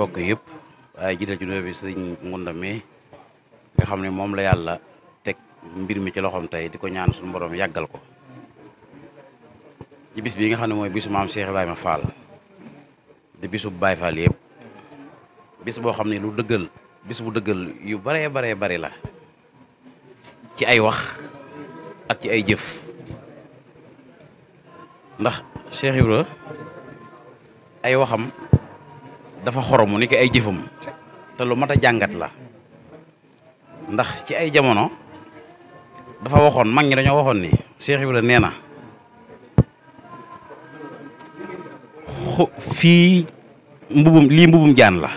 mbokk yépp waaye jiital ci nuyoo bi sëriñ Ngunda nga xam ne moom la yàlla teg mbir mi ci loxoom tey di ko ñaan su mboroom yàggal ko ci bis bi nga xam ne mooy bisu maam Cheikh Ibrahima Fall di bisu Baye Fall yëpp bis boo xam ne lu dëggal bis bu dëggal yu baree baree bari la ci ay wax ak ci ay jëf ndax Cheikh ay waxam dafa xorom ni ki ay jëfam te lu mat a jàngat la ndax ci ay jamono dafa waxoon mag ñi dañoo waxoon ni Cheikh Ibrahima nee na fii mbubum lii mbubum jaan la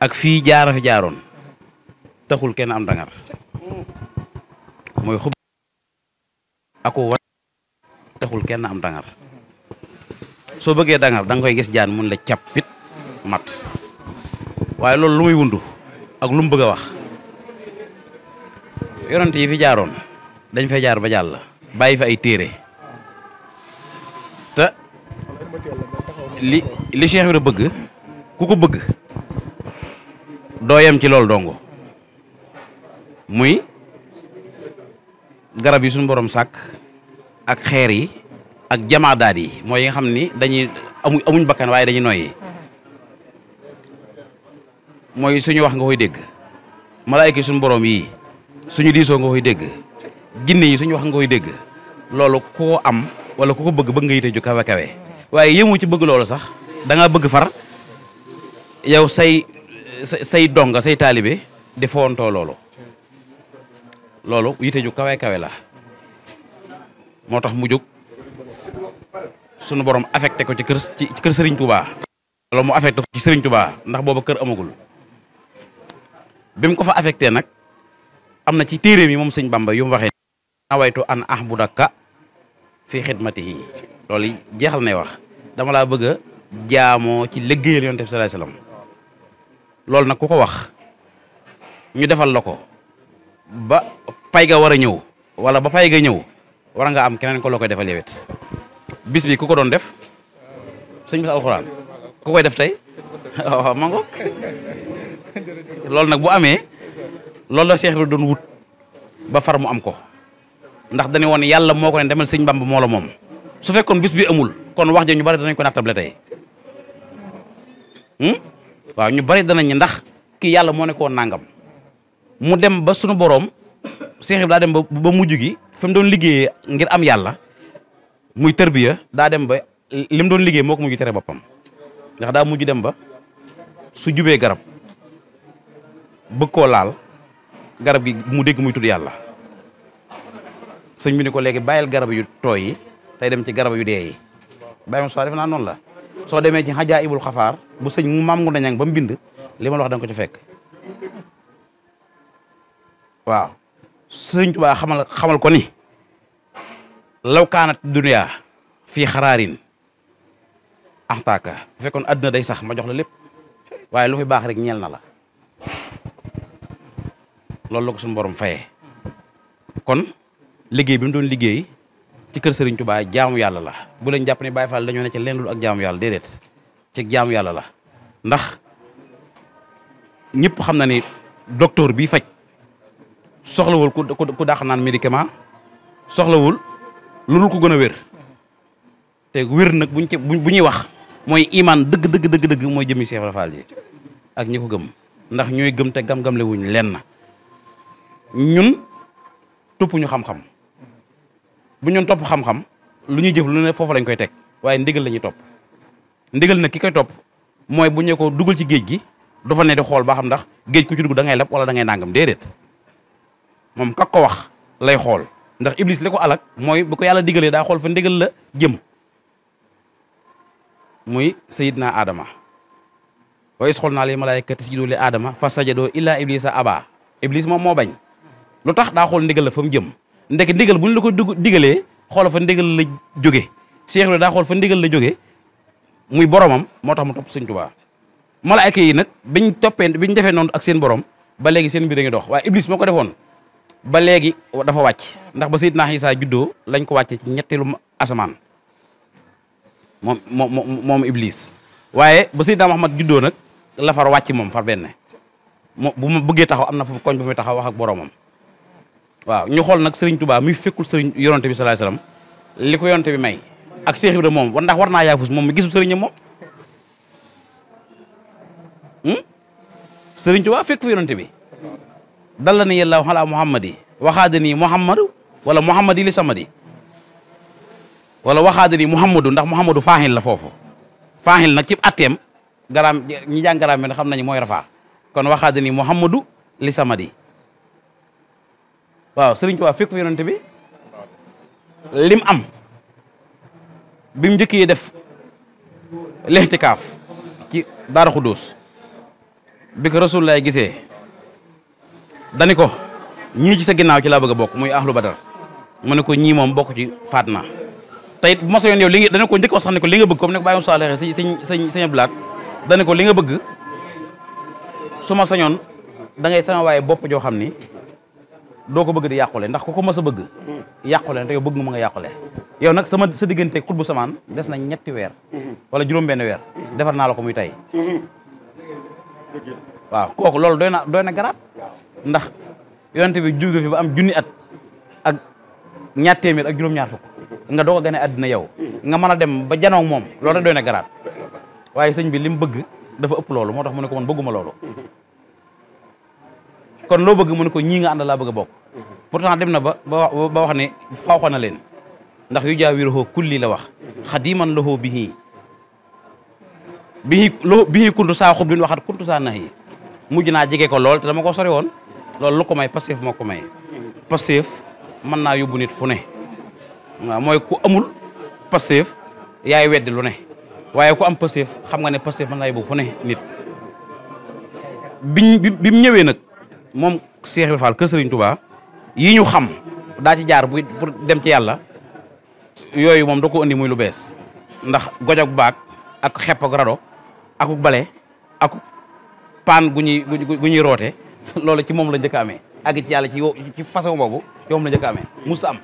ak fi jaara fi jaaroon taxul kenn am dangar mooy xub ako wa taxul kenn am dangar soo bëggee dangal danga koy gis jaan mun la cappit mat waaye loolu lu muy wundu ak lu mu bëgg a wax yonent yi fi jaaroon dañ fay jaar ba jàll bàyyi fi ay téere te li li Cheikh Ibra bëgg ku ko bëgg doo yem ci loolu dongo muy garab yi suñ boroom sàkk ak xeer yi ak jamaadaat yi mooy yi nga xam ni dañuy amu amuñ bakkan waaye dañu noyyi mooy suñu wax nga koy dégg malaayka yi suñu borom yi suñu diisoo nga koy dégg jinne yi suñu wax nga koy dégg loolu koo am wala ku ko bëgg bëgg nga yite ju kawe waaye yëmu ci bëgg loolu sax danga bëgg far yow say say donga say taalibe di foontoo loolu loolu yite ju kawe la moo tax mu jóg sunu borom affecté ko ci kër ci kër Serigne Touba. wala mu affecté ko ci Serigne Touba ndax booba kër amagul bi ko fa affecté nag am na ci téere mi moom sëñ Bamba yu mu waxee. nawaytu an ahbudaka fi yi loolu jeexal nay wax dama laa bëgg a jaamoo ci liggéeyal yoon bi sallallahu alayhi wasallam loolu nag ku ko wax ñu defal la ko ba pay ga war a ñëw wala ba pay ga ñëw war nga am keneen ko la koy defal yewet bis bi ku ko doon def sëñ bis alxuraan ku koy def tey waaw oh, mango nag bu amee loolu la seex bi doon wut ba far mu am ko ndax dañu woon yàlla moo ko ne demal sëñ bamba moo la moom su fekkoon bis bi amul kon wax ja ñu bari danañ ko nattable tey hmm? waaw ñu bari danañ ndax ki yàlla moo ne koo nangam mu dem ba sunu boroom seex daa dem ba mujj gi fi doon liggéeyee ngir am yàlla muy tërbiya daa dem ba li mu doon liggéey moo ko mujj tere boppam ndax daa mujj dem ba su jubee garab bëgg koo laal garab gi mu dégg muy tudd yàlla sëñ bi ni ko léegi bàyyil garab yu tooy yi tey dem ci garab yu dee yi bàyyi soo def naa noonu la soo demee ci xajaa ibul xafaar bu sëñ mu maam ngu nañang ba mu bind li ma la wax danga ko ci fekk waaw sëñ Tuubaa xamal xamal ko ni law kaanat dunya fii xaraarin axtaaka bu fekkoon àdduna day sax ma jox la lépp waaye lu fi baax rek ñeel na la loolu la ko suñu borom fayee kon liggéey bi mu doon liggéey ci kër Serigne Touba jaamu yàlla la bu leen jàpp ne Baye Fall dañoo ne ci lenn lu ak jaamu yàlla déedéet ci jaamu yàlla la ndax ñëpp xam na ni docteur bi faj soxlawul ku ku dàq naan médicament soxlawul lu dul ko gën a wér te wér nag buñ ci bu ñuy wax mooy imaan dëgg dëgg dëgg mooy jëmi Cheikh Ibra ji ak ñi ko gëm ndax ñooy gëm te gam-gam le leen na ñun topp ñu xam-xam bu ñun topp xam-xam lu ñuy jëf lu ne foofu lañ koy teg waaye ndigal lañuy ñuy topp ndigal nag ki koy topp mooy bu ñu ko dugal ci géej gi du ne di xool ba xam ndax géej ku ci dugg da ngay lab wala da ngay nangam déedéet moom kak ko wax lay xool ndax iblis li ko alak mooy bu ko yàlla digalee daa xool fa ndigal la jëm muy sayidna Adama wa is xool naa li malaayikati sijudoo li Adama fa sajadoo illa iblisa aba iblis moom moo bañ lu tax daa xool ndigal la fa jëm ndek ndigal bu ñu la ko dug digalee xool fa ndigal la jóge Seex bi daa xool fa ndigal la jóge muy boromam moo tax mu topp Sëñ Tuubaa malaayika yi nag biñ toppee biñ defee noon ak seen borom ba léegi seen mbir a ngi dox waaye iblis moo ko defoon ba léegi dafa wàcc ndax ba Seydina Isa juddoo lañ ko wàcce ci ñetteelu asamaan moom moom Iblis waaye ba Seydina Muhammad juddoo nag lafar far wàcc moom far benn mo bu ma bëggee taxaw am na fu koñ bu muy taxaw wax ak boroomam waaw ñu xool nag Serigne Touba muy fekkul Serigne yonante bi sallallahu alayhi wasallam li ko yonante bi may ak Cheikh Ibra moom ndax war naa yaafus moom mi gisub Serigne moom. Hmm? Serigne Touba fekk fu yonante bi. dalla ni yàlla ala muhammadi waxaada muhammadu wala muhammadi li samadi wala waxaada nii muhammadu ndax muhammadu faaxil la foofu faaxil nag ci atteem garaam ñi jàng garaam bi xam nañu mooy rafaa kon waxaada nii muhammadu li samadi waaw sëriñ Tuubaa fekk fa yonent bi lim am bi mu njëkkee def lextikaaf ci daara xudóos bi ko lay gisee dani ko ñii ci sa ginnaaw ci laa bëgg a bokk muy ahlu ba mu ne ko ñii moom bokk ci faat naa tey bu ma sa yoon yow li dana ko njëkk wax ne ko li nga bëgg comme ne sa bàyyi salexe si sëñ sëñ sëñ ko li nga bëgg ma sañoon da ngay waaye bopp joo xam ni doo ko bëgg di yàqule ndax ku ko mas a bëgg yàqule te yow bëgg nga mu nga yàqule yow nag sama sa diggante xutbu samaan des na ñetti weer wala juróom-benn weer defar naa la ko muy tey mm-hmm. waaw kooku loolu doy na garaat ndax yonent bi jóge fi ba am junni at ak ak juróom-ñaar fukk nga doog a gane àddina yow nga mën a dem ba janoog moom lool rek doy na garaat waaye sëñ bi li mu bëgg dafa ëpp loolu moo tax mu ne ko man bëgguma loolu kon loo bëgg mu ko ñii nga ànd laa bëgg a bokk dem na ba ba wax ne faaxoon na leen ndax yu jaawiruhu kulli la wax xadiman lahu bihi bihi lo bihi kuntu saa xub lin wax kuntu saa nahi mujj naa jege ko lool te dama ko sori woon loolu lu ko may Pastef moo ko may Pastef mën naa yóbbu nit fu ne waaw mooy ku amul Pastef yaay weddi lu ne waaye ku am Pastef xam nga ne Pastef mën naa yóbbu fu ne nit biñ bi mu ñëwee nag moom Cheikh Ibrahima Fall kër yi ñu xam daa ci jaar bu dem ci yàlla yooyu moom da ko indi muy lu bees ndax goj ak baag ak xepp ak rado ak bale ak paan gu ñuy gu ñuy roote loolu ci moom la njëkk a amee àgg ci yàlla ci ci façon boobu ci moom la njëkk a amee musta am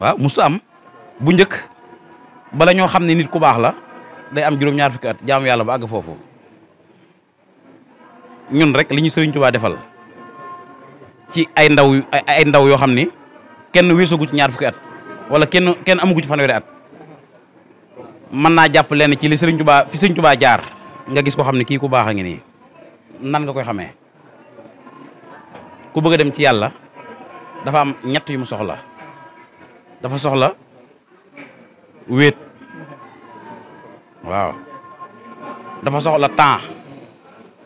waaw musta am bu njëkk bala ñoo xam ne nit ku baax la day am juróom-ñaar fukki at jaamu yàlla ba àgg foofu ñun rek li ñu Sëriñ defal ci ay ndaw ay ndaw yoo xam ni kenn weesagu ci ñaar wala kenn kenn amugu ci fanweeri at mën naa jàpp leen ci li Sëriñ Tuubaa fi Sëriñ Tuubaa jaar nga gis ko xam ne kii ku baax a ngi nii nan nga koy xamee ku bëgg a dem ci yàlla dafa am ñett yu soxla dafa soxla wéet waaw dafa soxla temps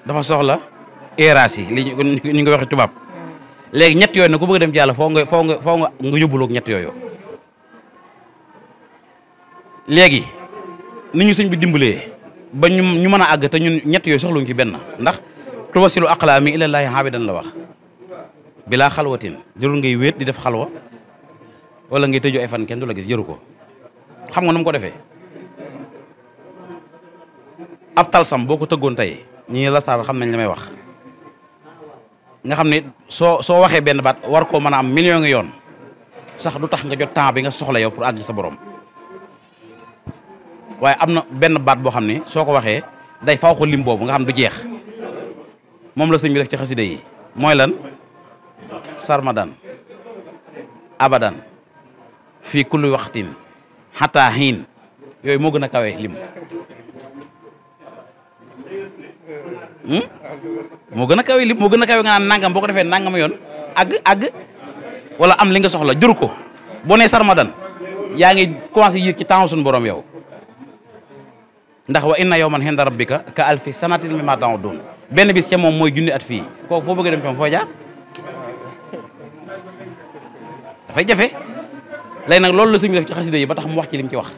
dafa soxla eeraas yi li ñu ngi waxi tubaab léegi ñett yooyu nag ku bëgg dem ci yàlla foo nga foo nga foo nga nga yóbbuloog ñett yooyu léegi ni ñu sëñ bi dimbalee ba ñu ñu mën a àgg te ñun ñett yooyu soxluñ ci benn ndax silu tuwasilu aqlaami ilallaahi xaabidan la wax bilaa xalwatin jërul ngay wéet di def xalwa wala ngay tëju ay fan kenn du la gis jëru ko xam nga nu ko defee ab talsam boo ko tëggoon tey ñi lastaar xam nañ la may wax nga xam ne soo soo waxee benn baat war koo mën a am million ngi yoon sax du tax nga jot temps bi nga soxla yow pour àgg sa borom waaye am na benn baat boo xam ne soo ko waxee day faw ko lim boobu nga xam du jeex moom la sëñ bi def ci xasida yi mooy lan sarmadan abadan fii kulli waxtin xataa xiin yooyu moo gën a kawe lim hmm? moo gën a kawe lim moo gën a kawe nga naan nangam boo ko defee nangam yoon àgg àgg wala am li nga soxla jur ko boo nee sarmadan yaa ngi commencé yéeg ci temps suñu borom yow ndax wa inna yawman hinda rabbika ka alfi sanatin mimma ta'udun benn bis ca moom mooy junni at fii kooku foo bëgg a dem tam foo jaar dafay jafe léegi nag loolu la sëñ bi def ci xasida yi ba tax mu wax ci lim ci wax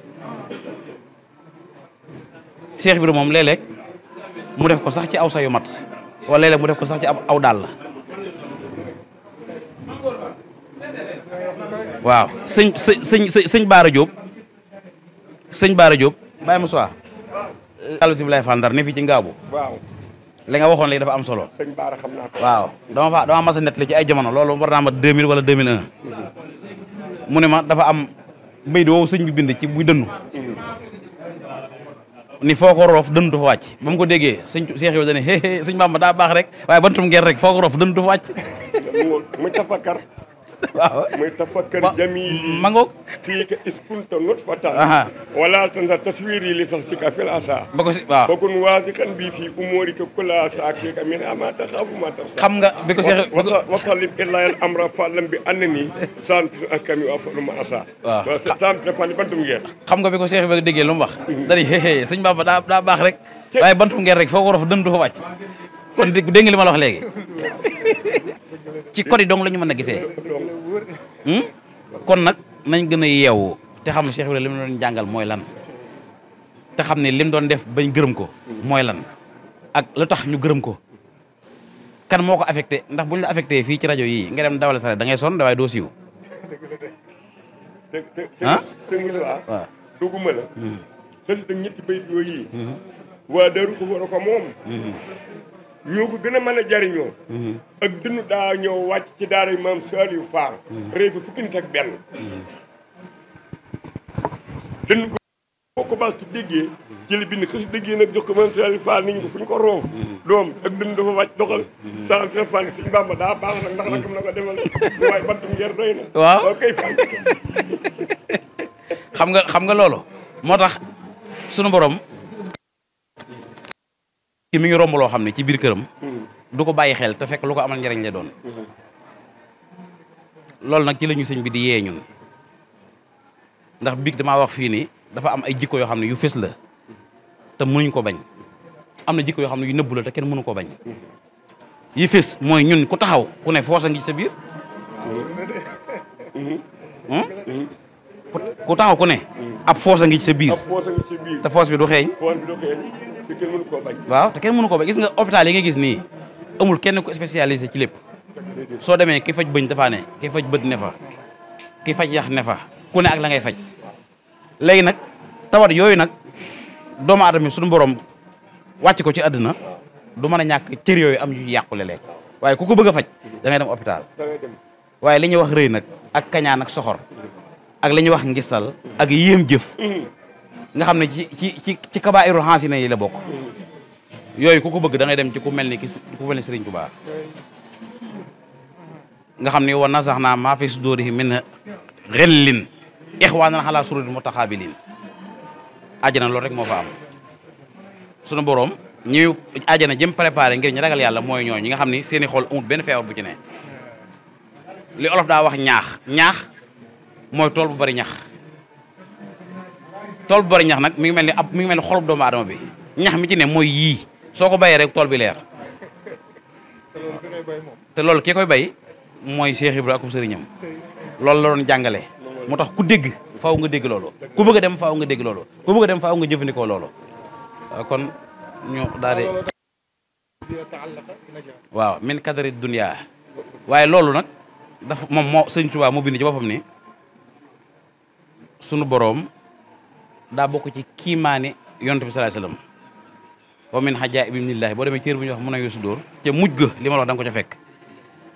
Cheikh Ibra moom lay léeg mu def ko sax ci aw sa yu mat wala léeg-léeg mu def ko sax ci aw daal la waaw sëñ sëñ sëñ Baara Diop sëñ Baara Diop baay ma soir allo si bi lay fandar ne fii ci ngaabu waaw li nga waxoon léegi dafa am solo. sëñ Baara xam naa waaw dama fa dama mas a nettali ci ay jamono loolu war naa ma 2000 wala 2001. mu ne ma dafa am mbéy di woowu sëñ bi bind ci buy dënnu. ni foo ko roof dënnu dafa wàcc ba ko déggee sëñ Cheikh yow dañuy hee hee sëñ Bamba daa baax rek waaye bantum ger rek foo roof dënnu dafa wàcc. waaw mooy tafakkar jamili ma ngoog fii ka iskunta nutfatan wala tansa taswiri li sax si ka fil asa ba ko si waaw bokkun waasikan bii fii umóori ka kula sa ak fii ka min ama taxaafu ma tax xam nga bi ko seex wasalim illayal amra fallam bi anna ni san fi ak kami wa faluma asa waaw san fi fani bantum ngeen xam nga bi ko seex ba déggee lu mu wax mhm. dani xéxé sëñ Bamba daa daa baax rek waaye bantum ngeen rek foo ko rof dëm du fa wàcc kon dégg nga li ma la wax léegi ci kori dong lañu ñu mën a gisee hmm? kon nag nañ gën a yeewu te xam ne Cheikh Ibrahima li mu doon jàngal mooy lan te xam ne lim doon def bañ gërëm ko mooy lan ak lu tax ñu gërëm ko kan moo ko affecté ndax buñ la affecté fii ci rajo yii nga dem dawale sare da ngay sonn waaye doo siiw ah ñoo ko gën a man a jariñoo mhm. ak dunu daa ñëw wàcc ci daara yi maam Saliou Fall mhm. réew bi teg nit ak benn mhm. ko boo ko baatu déggee ci la bind xësu déggee nag jox ko maam Saliou Fall niñ ko fu ñu ko roof doom ak dënn dafa wàcc doxal Saliou Saliou Fall suñu Bàmba daa baax nag ndax rakam na ko defal waaye bantum yer doy na waaw kay Fall xam nga xam nga loolo moo tax sunu borom ki mi ngi romb xam ne ci biir këram. Mm-hmm. du ko bàyyi xel te fekk lu ko amal njariñ la doon. Mm-hmm. loolu nag ci la ñu bi di yee ñun ndax biig damaa wax fii ni dafa am ay jikko yoo xam ne yu fës la te mënuñ ko bañ am na jikko yoo xam ne yu nëbbu la te mënu ko bañ mm-hmm. yi fës mooy ñun ku taxaw ku ne foos a ngi sa biir. Hmm? ku taxaw ku ne. ab foos a ngi sa biir. te foos bi du xeeñ. waaw te kenn mënu koo bañ gis nga hôpital yi nga gis nii amul kenn ku spécialisé ci lépp soo demee ki faj bëñ dafaa ne ki faj bët ne fa ki faj yax ne fa ku ak la ngay faj léegi nag tawat yooyu nag doomu aadama sunu boroom wàcc ko ci àdduna du man a ñàkk cër yooyu am yu yàqule lekk waaye ku ko bëgg a faj da ngay dem hôpital waaye li ñuy wax rëy nag ak kañaan ak soxor ak li ñuy wax ngisal ak yéem jëf mm-hmm. nga xam ne ci ci ci ci kabaa'irul xaasina yi la bokk yooyu ku ko bëgg da dem ci ku mel ni ki ku mel ni Sëriñ Tuubaa nga xam ni wa nazaxnaa maa fi suduurihim min xillin ixwaanan alaa sururin mutaxaabilin ajjana loolu rek moo fa am sunu boroom ñi ajjana jëm préparé ngir ñu ragal yàlla mooy ñooñu ñi nga xam ni seeni xol amut benn feebar bu ci ne li olof daa wax ñaax ñaax mooy tool bu bari ñax tool bu ñax nag mi ngi mel ni ab mi ngi mel ni xolub doomu aadama bi ñax mi ci ne mooy yii soo ko bayee rek tool bi leer te loolu ki koy bay mooy Cheikh Ibra akum sëriñam loolu la doon jàngale moo tax ku dégg faaw nga dégg loolu ku bëgg dem faaw nga dégg loolu ku bëgg dem faaw nga jëfandikoo loolu kon ñu daal di waaw min kadari dunya waaye loolu nag daf moom moo sëñ Tuubaa moo bind ci boppam ni sunu boroom daa bokk ci kiimaane yont bi sallallahu alayhi wasallam xajaa min hajaa ibnillaahi boo demee téer bu ñuy wax mun a yusu dóor ca mujj ga li ma wax ko ca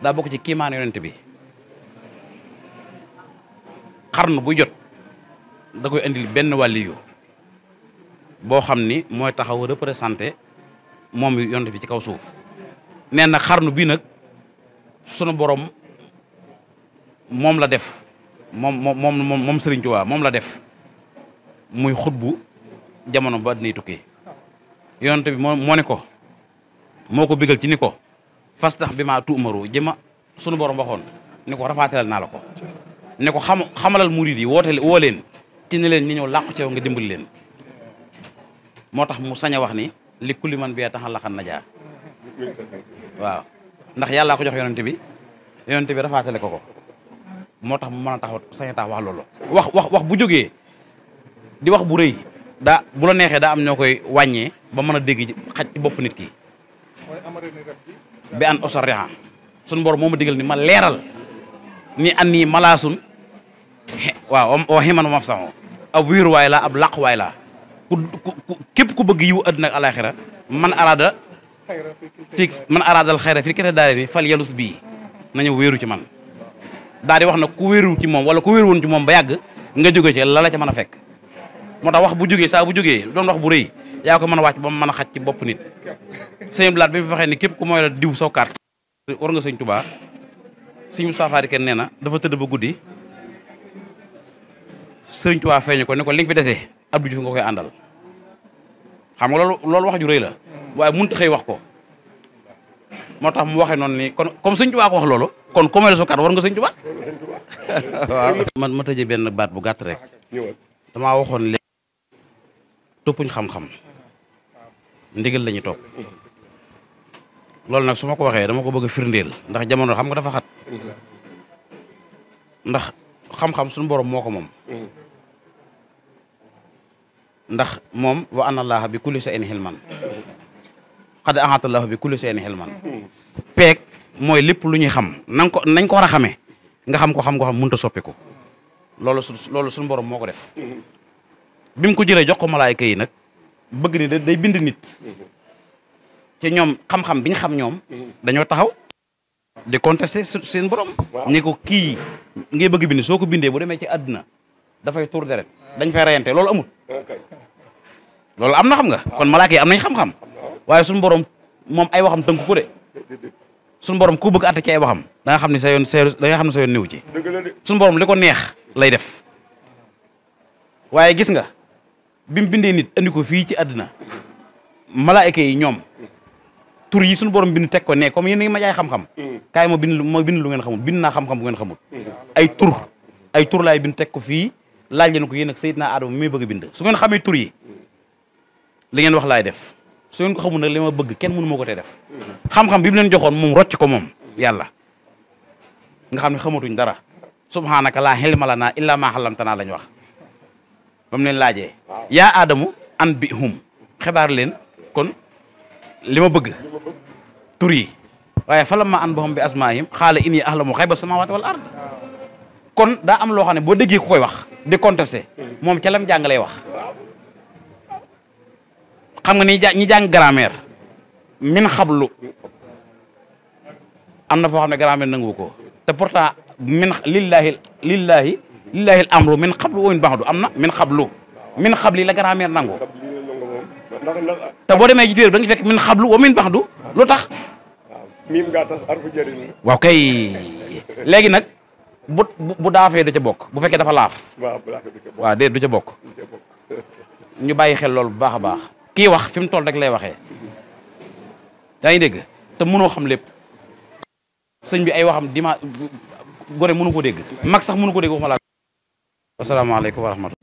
daa bokk ci kiimaane yonent bi xarnu bu jot da koy indil benn wàlliyu boo xam ni mooy taxaw représenté moom yonent bi ci kaw suuf nee na xarnu bi nag sunu borom moom la def moom moom moom moom Serigne Touba moom la def muy xutbu jamono ba dinay tukki yonent bi moo moo ne ko moo ko bigal ci ne ko fas tax bi maa tuumaru jëma sunu borom waxoon ne ko rafaatalal naa la ko ne ko xam xamalal murid yi woo leen ci ne leen ni ñëw làqu ci yow nga dimbali leen moo tax mu sañ a wax ni li kulli man bi taxal laxan na jaa waaw ndax yàllaa ko jox yonent bi yonent bi rafaatale ko ko moo tax mu mën a taxaw sañ tax wax loolu wax wax wax bu jógee di wax bu rëy daa bu la neexee daa am ñoo koy wàññee ba mën a dégg xaj ci bopp nit ki. bi an osariha sunu borom moo ma digal ni ma leeral ni an nii malaasun waaw wa ximan maf saxo ab wiiruwaay laa ab làquwaay laa ku képp ku bëgg yiw àddina ak alaxira man araada fii man araadal xayra fii kete daare ni fal yalus bii na ñëw wéeru ci man daal di wax na ku weeru ci moom wala ku wéeru woon ci moom ba yàgg nga jóge ci la la ca mën a fekk moo tax wax bu jógee saa bu jógee doon bu rëy yaa ko mën a wàcc ba mu mën a xaj bopp nit sëñ Blaat bi waxee ni képp ku mooy la diw saw carte war nga sëñ Tuubaa sëñ Moussa Fadi kenn nee na dafa tëdd ba guddi sëñ Tuubaa feeñu ko ne ko li fi desee Abdou Diouf nga koy àndal xam nga loolu loolu wax ju rëy la waaye mënut xëy wax ko moo tax mu waxee noonu ni kon comme sëñ Tuubaa ko wax loolu kon ku mooy la war nga sëñ Tuubaa waaw man ma tëjee benn baat bu gàtt rek damaa waxoon léegi toppuñ xam-xam ndigal la ñuy topp loolu nag su ma ko waxee dama ko bëgg a firndeel ndax jamono xam nga dafa xat ndax xam-xam suñu borom moo ko moom ndax moom wa anna allaha bi kulli shay'in hilman qad ahata allahu bi kulli shay'in hilman mooy lépp lu ñuy xam nañ ko nañ ko war a xamee nga xam ko xam ko xam mënut a soppiku loolu su loolu suñu borom moo ko def bi mu ko jëlee jox ko malaayka yi nag bëgg ni day bind nit ci ñoom xam-xam bi ñu xam ñoom dañoo taxaw di contester seen borom ni ko kii ngee bëgg bindi soo ko bindee bu demee ci àdduna dafay tuur deret dañ fay reyante loolu amul loolu am na xam nga kon malaaka yi am nañ xam-xam waaye suñu borom moom ay waxam tënk ko borom ku bëgg atte ci ay waxam da xam ne sa yoon seer da nga xam ne sa yoon néew ci suñu borom li neex lay def waaye gis nga bi mu bindee nit andi ko fii ci àdduna malaayka yi ñoom tur yi suñu borom bind teg ko ne comme yéen a ngi ma jaay xam-xam kaay ma bind ma bind lu ngeen xamul bind naa xam-xam bu ngeen xamul ay tur ay tur laay bind teg ko fii laaj leen ko yéen ak na Adama mi bëgg bind su ngeen xamee tur yi li ngeen wax laay def su ngeen ko xamul nag li ma bëgg kenn mënu moo ko tee def xam-xam bi mu leen joxoon moom rocc ko moom yàlla nga xam ne xamatuñ dara subhanaka laa xilma lanaa illaa maa xalamtanaa lañ wax ba mu leen laajee yaa an bi hum xebaar leen kon li ma bëgg tur waaye fa la ma an boxam bi asmaahim xaala inni ahlamu xayba samawati wal ard kon daa am loo xam ne boo déggee koy wax di moom ca lam jàng lay wax xam nga ni ñi jàng grammaire min xablu am na foo xam ne grammaire nangu ko te pourtant min lillahi lillahi al amru min xablu wa min am na min xablu min xabli la grammaire nangu te boo demee ji téere bi da nga fekk min xablu wa min du lu tax miim waaw kay léegi nag bu bu daafee du ca bokk bu fekkee dafa laaf waa déet du ca bokk ñu bàyyi xel loolu bu baax a baax kii wax fi mu toll rek lay waxe yaa ngi dégg te mënoo xam lépp sëñ bi ay waxam dima gore mënu ko dégg mag sax mënu ko dégg waxuma laa wasalaamaaleykum wa rahmatulah